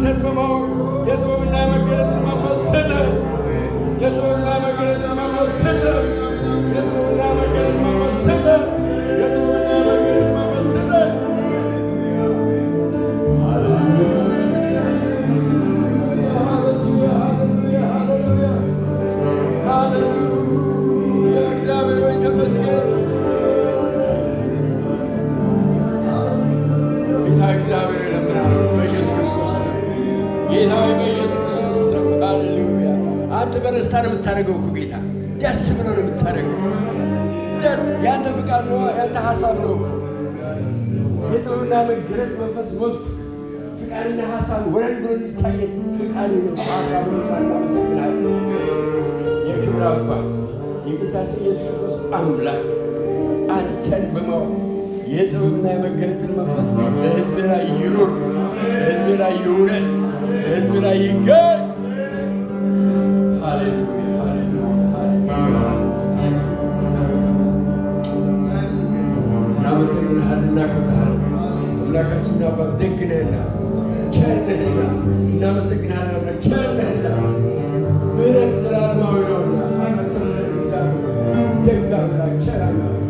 Gott hat more. በደስታ ነው የምታደርገው እኮ ጌታ። ደስ ብሎ ነው የምታደርገው። ያንተ ፍቃድ ነው፣ ያንተ ሀሳብ ነው። የጥበብና መገረዝ መንፈስ ሞት ፍቃድና ሀሳብ ወረድ ብሎ የሚታየ ፍቃድ ነው፣ ሀሳብ ነው። እናመሰግናለን። የክብር አባ የጌታችን ኢየሱስ ክርስቶስ አምላክ አንተን በማወቅ የጥበብና የመገረዝን መንፈስ ነው በህዝብ ላይ ይኑር፣ በህዝብ ላይ ይውረድ፣ በህዝብ ላይ ይገር እናከብርሃለን። አምላካችን አባት ደግ ነህና፣ ቸር ነህና እናመሰግናለን። ቸር ነህና ምሕረት ዘላለማዊ ነውና፣ ደግ አምላክ፣ ቸር አምላክ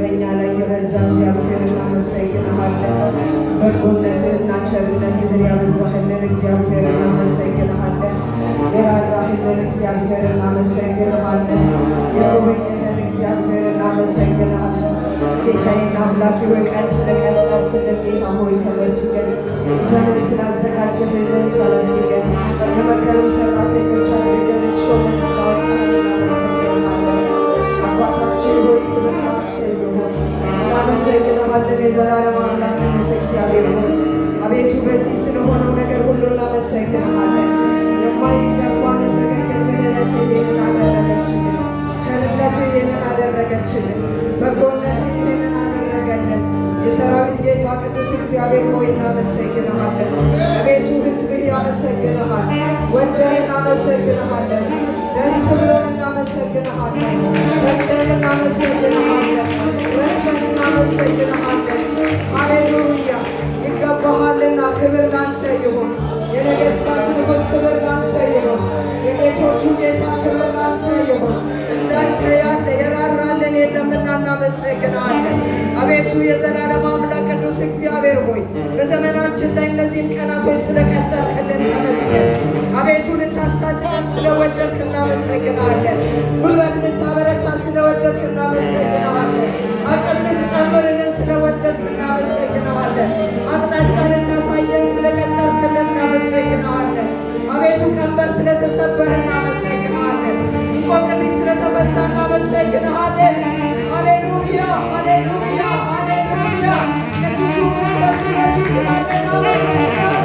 በእኛ ላይ የበዛ እግዚአብሔር እናመሰግንሃለን። በጎነትህና ቸርነትህን ያበዛህልን እግዚአብሔር እናመሰግንሃለን። የራራህልን እግዚአብሔር እናመሰግንሃለን። የጎበኘህን እግዚአብሔር እናመሰግንሃለን። ጌታዬና አምላኬ ሆይ ቀን ስለቀጠርክልን ጌታ ሆይ ተመስገን። ዘመን ስላዘጋጀህልን ተመስገን። የመከሩ ሰራተኞች ክብርን የዘላለም አምላክ ንጉሥ እግዚአብሔር ሆይ አቤቱ በዚህ ስለሆነው ነገር ሁሉ እናመሰግናለን። የማይገባንን ነገር ግን ምሕረት ይህንን አደረገችልን፣ ቸርነት ይህንን አደረገችልን፣ በጎነት ይህንን አደረገልን። የሰራዊት ጌታ ቅዱስ እግዚአብሔር ሆይ እናመሰግንሃለን። አቤቱ ሕዝብህ ያመሰግንሃል፣ ወደን እናመሰግንሃለን። ደስ ብሎን እናመሰግንሃለን። ፈቅደን እናመሰግንሃለን። ረድተን እናመሰግንሃለን። ክብርና ክብር ላንተ ይሁን። የነገሥታት ንጉሥ ክብር ላንተ ይሁን። የጌቶቹ ጌታ ክብር ላንተ ይሁን። እንዳንተ ያለ የራራለን የለምና እናመሰግናለን። አቤቱ የዘላለም አምላክ ቅዱስ እግዚአብሔር ሆይ በዘመናችን ላይ እነዚህን ቀናቶች ስለቀጠልክልን ተመስገን። አቤቱ ልታሳድቀን ስለወደድክ እናመሰግናለን። Hallelujah, hallelujah, hallelujah. Que tú supe, que tú supe, que tú supe,